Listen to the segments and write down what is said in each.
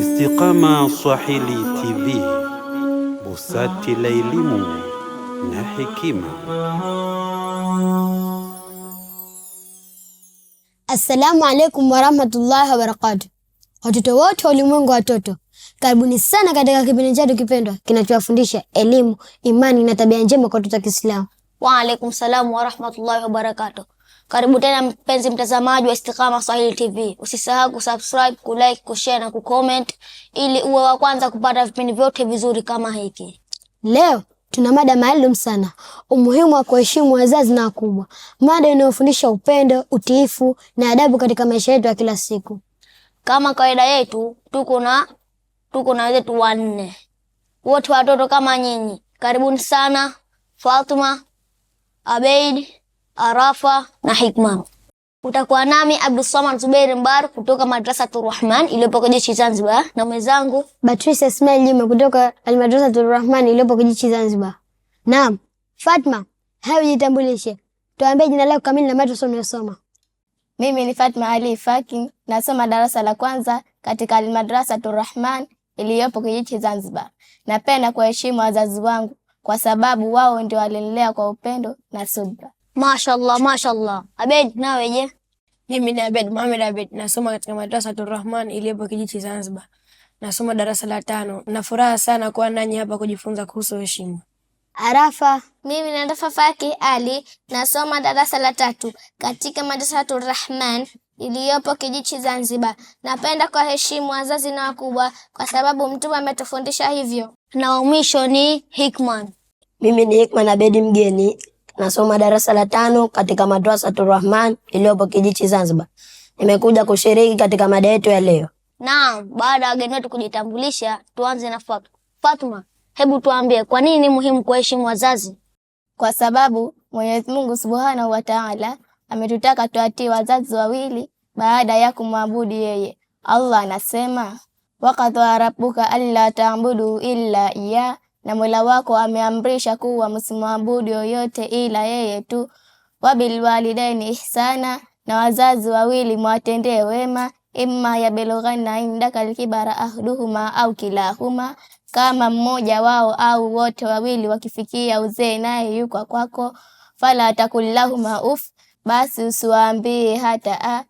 Istiqama Swahili TV, busati la elimu na hekima. Assalamu alaikum warahmatullahi wabarakatuh, watoto wote wa ulimwengu, watoto karibuni sana katika kipindi chetu kipendwa kinachowafundisha elimu, imani na tabia njema kwa watoto wa Kiislamu. Wa alaikum salamu warahmatullahi wabarakatuh karibu tena mpenzi mtazamaji wa Istiqama Swahili TV. Usisahau kusubscribe, kulike, kushare na kucomment ili uwe wa kwanza kupata vipindi vyote vizuri kama hiki. Leo tuna mada maalum sana, umuhimu wa kuheshimu wazazi na wakubwa, mada inayofundisha upendo, utiifu na adabu katika maisha yetu ya kila siku. Kama kawaida yetu, tuko na tuko na wenzetu wanne, wote watoto kama nyinyi. Karibuni sana Fatuma, Abeid arafa na hikma. Utakuwa nami Abdulsamad Zubeir Mbar kutoka Madrasa Rahman iliyopo Kijichi Zanzibar, na mwenzangu Batrice Ismail Juma kutoka Almadrasa Rahman iliyopo Kijichi Zanzibar. Naam, Fatma, hayo jitambulishe. Tuambie jina lako kamili na madrasa unayosoma. Mimi ni Fatma Ali Faki, nasoma darasa la kwanza katika Almadrasa Rahman iliyopo Kijichi Zanzibar. Napenda kuheshimu wazazi wangu kwa sababu wao ndio walinilea kwa upendo na subra. Mashallah, mashallah. Abed, nawe je? Mimi ni Abed Muhammad Abed, nasoma katika madrasa Turrahman iliyopo Kijichi Zanzibar. Nasoma darasa la tano. Na furaha sana kuwa nanyi hapa kujifunza kuhusu heshima. Arafa, mimi ni Arafa Faki Ali, nasoma darasa la tatu katika madrasa Turrahman iliyopo Kijichi Zanzibar. Napenda kwa heshimu wazazi na wakubwa kwa sababu Mtume ametufundisha hivyo. Na mwisho ni Hikman. Mimi ni Hikman Abedi Mgeni Nasoma darasa la tano katika madrasa Turrahman iliyopo Kijichi, Zanzibar. Nimekuja kushiriki katika mada yetu ya leo. Naam, baada ya wageni wetu kujitambulisha, tuanze na Fatma. fatma hebu tuambie kwa nini ni muhimu kuheshimu wazazi? Kwa sababu Mwenyezi Mungu Subhanahu wa Ta'ala ametutaka tuatii wazazi wawili baada ya kumwabudu yeye. Allah anasema, wa rabbuka alla ta'budu illa iya na Mola wako ameamrisha kuwa msimwabudu yoyote ila yeye tu. Wabilwalidaini ihsana, na wazazi wawili mwatendee wema. Imma yabelughanna indaka alkibara ahduhuma au kilahuma, kama mmoja wao au wote wawili wakifikia uzee naye yuko kwako, fala lahuma uf, basi usiwaambie hata a,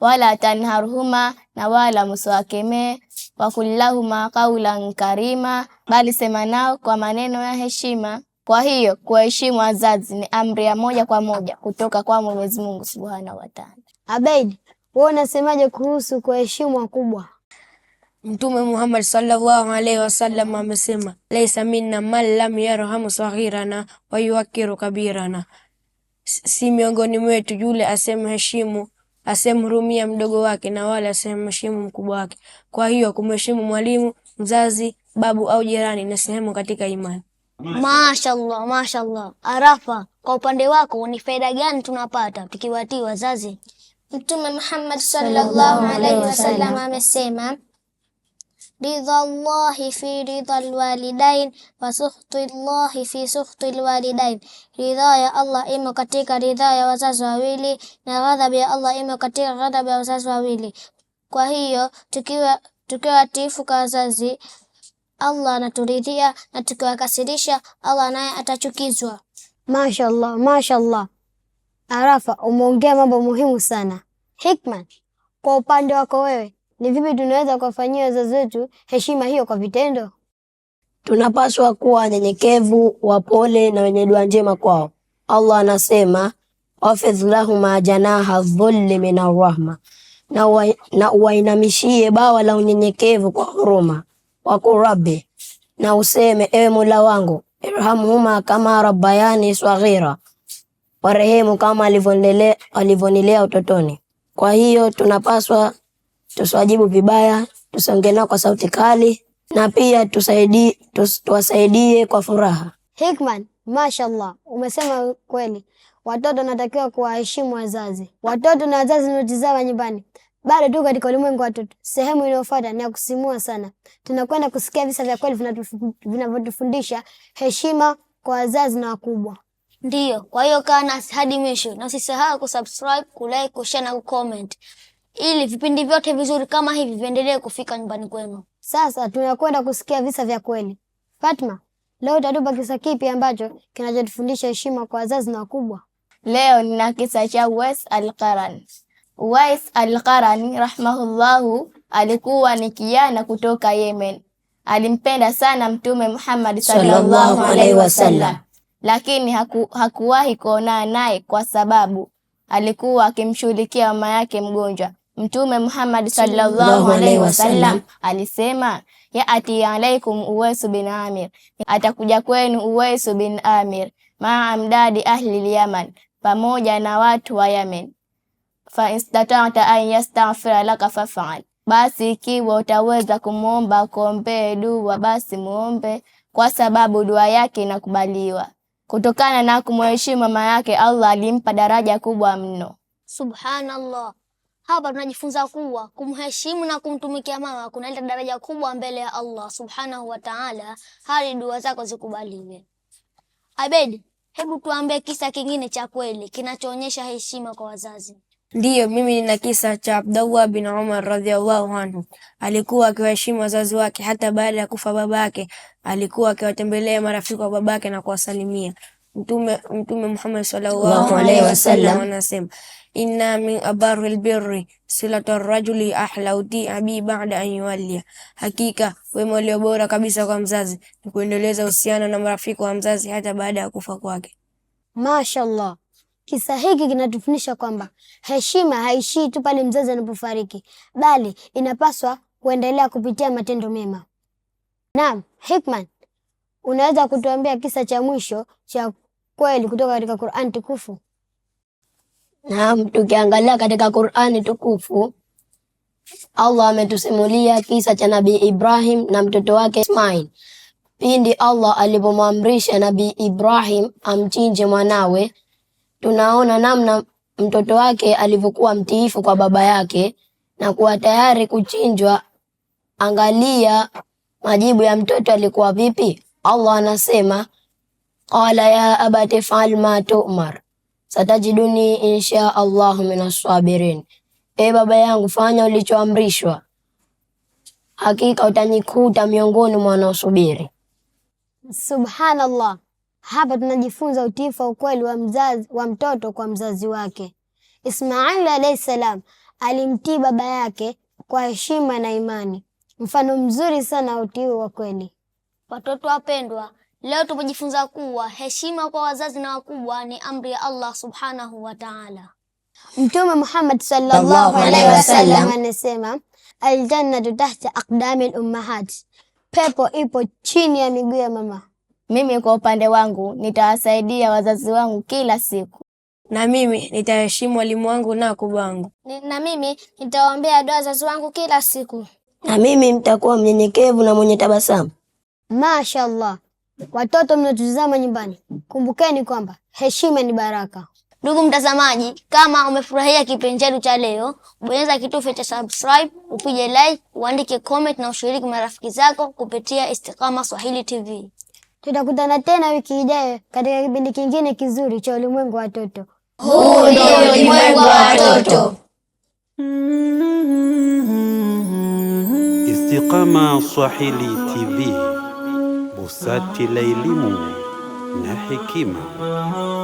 wala tanharhuma, na wala msiwakemee wakullahuma kaulan karima, bali sema nao kwa maneno ya heshima. Kwa hiyo kuwaheshimu wazazi ni amri ya moja kwa moja kutoka kwa Mwenyezi Mungu Subhanahu wa Ta'ala. Abeid, wewe unasemaje kuhusu kuheshimu wakubwa? Mtume Muhammad sallallahu alaihi wasallam amesema, laisa minna man lam yarhamu saghirana wa yuwakiru kabirana, si miongoni mwetu yule aseme heshimu asemhurumia mdogo wake na wale asemheshimu mkubwa wake. Kwa hiyo kumheshimu mwalimu, mzazi, babu au jirani ni sehemu katika imani. Mashallah, mashallah. Arafa, kwa upande wako ni faida gani tunapata tukiwatii wazazi? Mtume Muhammad sallallahu alaihi wasallam amesema ridha llahi fi ridha lwalidain wa sukhti llahi fi sukhti lwalidain, ridha ya Allah imo katika ridha ya wazazi wawili na ghadhabu ya Allah imo katika ghadhabu ya wazazi wawili. Kwa hiyo tukiwa tukiwa watiifu kwa wazazi Allah anaturidhia na tukiwakasirisha Allah naye atachukizwa. Mashallah, mashallah. Arafa, umeongea mambo muhimu sana. Hikman, kwa upande wako wewe ni vipi tunaweza kuwafanyia wazazi wetu heshima hiyo kwa vitendo? Tunapaswa kuwa wanyenyekevu, wapole na wenye dua njema kwao. Allah anasema wafidh lahuma janaha dhulli min arrahma, na uwainamishie bawa la unyenyekevu kwa huruma. wakurabi rabbi, na useme ewe Mola wangu, irhamhuma kama rabbayani swaghira warehemu kama walivyonilea utotoni. Kwa hiyo tunapaswa tusiwajibu vibaya, tusiongee nao kwa sauti kali, na pia tusaidie, tuwasaidie kwa furaha. Hikman, mashallah, umesema kweli. Watoto wanatakiwa kuwaheshimu wazazi. Watoto na wazazi notizaa nyumbani bado tu katika ulimwengu watoto. Sehemu inayofuata ni ya kusimua sana, tunakwenda kusikia visa vya kweli vinavyotufundisha heshima kwa wazazi na wakubwa. Ndiyo, kwa hiyo kaa nasi hadi mwisho na usisahau kusubscribe, kulike, kushare na kucomment ili vipindi vyote vizuri kama hivi viendelee kufika nyumbani kwenu. Sasa tunakwenda kusikia visa vya kweli. Fatma, leo utatupa kisa kipi ambacho kinachotufundisha heshima kwa wazazi na wakubwa? Leo nina kisa cha Uwais al-Qarani. Uwais al-Qarani rahimahullahu alikuwa ni kijana kutoka Yemen. Alimpenda sana Mtume Muhammad sallallahu alaihi wasallam, lakini haku, hakuwahi kuonana naye kwa sababu alikuwa akimshughulikia mama yake mgonjwa. Mtume Muhammad sallallahu alaihi wasallam alisema, ati alaikum Uwaisu bin Amir, atakuja kwenu Uwaisu bin Amir maa amdadi ahli Yaman, pamoja na watu wa Yemen. Fa istatata an yastaghfira laka faf'al, basi ikiwa utaweza kumwomba akuombee dua basi muombe, kwa sababu dua yake inakubaliwa. Kutokana na kumheshimu mama yake, Allah alimpa daraja kubwa mno. Subhanallah. Hapa tunajifunza kuwa kumheshimu na kumtumikia mama kunaleta daraja kubwa mbele ya Allah subhanahu wa taala, hali dua zako zikubaliwe. Abedi, hebu tuambie kisa kingine cha kweli kinachoonyesha heshima kwa wazazi. Ndiyo, mimi nina kisa cha Abdallah bin Umar radhiallahu anhu. Alikuwa akiwaheshimu wazazi wake, hata baada ya kufa baba yake alikuwa akiwatembelea marafiki wa babake na kuwasalimia. Mtume Mtume Muhammad sallallahu alaihi wasallam anasema inna min abaril birri silatu rajuli ahla uti abi ba'da an yuwalliya, hakika wema ulio bora kabisa kwa mzazi ni kuendeleza uhusiano na marafiki wa mzazi hata baada ya kufa kwake. Mashaallah, kisa hiki kinatufundisha kwamba heshima haishii tu pale mzazi anapofariki, bali inapaswa kuendelea kupitia matendo mema. Naam, Hikman, unaweza kutuambia kisa cha mwisho cha kweli kutoka katika Qur'an tukufu? Naam, tukiangalia katika Qur'ani tukufu Allah ametusimulia kisa cha Nabii Ibrahim na mtoto wake Ismail. Pindi Allah alipomwamrisha Nabii Ibrahim amchinje mwanawe, tunaona namna mtoto wake alivyokuwa mtiifu kwa baba yake na kuwa tayari kuchinjwa. Angalia majibu ya mtoto alikuwa vipi. Allah anasema, qala ya abati fa'al ma tu'mar satajiduni insha allahu minassabirin. E baba yangu, fanya ulichoamrishwa, hakika utanikuta miongoni mwa wanaosubiri. Subhanallah, hapa tunajifunza utiifu wa ukweli wa mzazi wa mtoto kwa mzazi wake. Ismail alayhi salam alimtii baba yake kwa heshima na imani, mfano mzuri sana wa utii wa kweli. Watoto wapendwa Leo tumejifunza kuwa heshima kwa wazazi na wakubwa ni amri ya Allah subhanahu wa ta'ala. Mtume Muhammad sallallahu alaihi wasallam anasema aljannatu tahta aqdami lummahat, pepo ipo chini ya miguu ya mama. Mimi kwa upande wangu nitawasaidia wazazi wangu kila siku, na mimi nitaheshimu walimu wangu na wakubwa wangu, na mimi nitawaombea dua wazazi wangu kila siku, na mimi nitakuwa mnyenyekevu na mwenye tabasamu. Mashaallah. Watoto mnatutazama nyumbani, kumbukeni kwamba heshima ni baraka. Ndugu mtazamaji, kama umefurahia kipindi chetu cha leo, bonyeza kitufe cha subscribe, upige like, uandike comment na ushiriki marafiki zako kupitia Istiqama Swahili TV. Tutakutana tena wiki ijayo katika kipindi kingine kizuri cha ulimwengu wa watoto. Huu ndio ulimwengu wa watoto. Istiqama Swahili TV busati la elimu na hekima.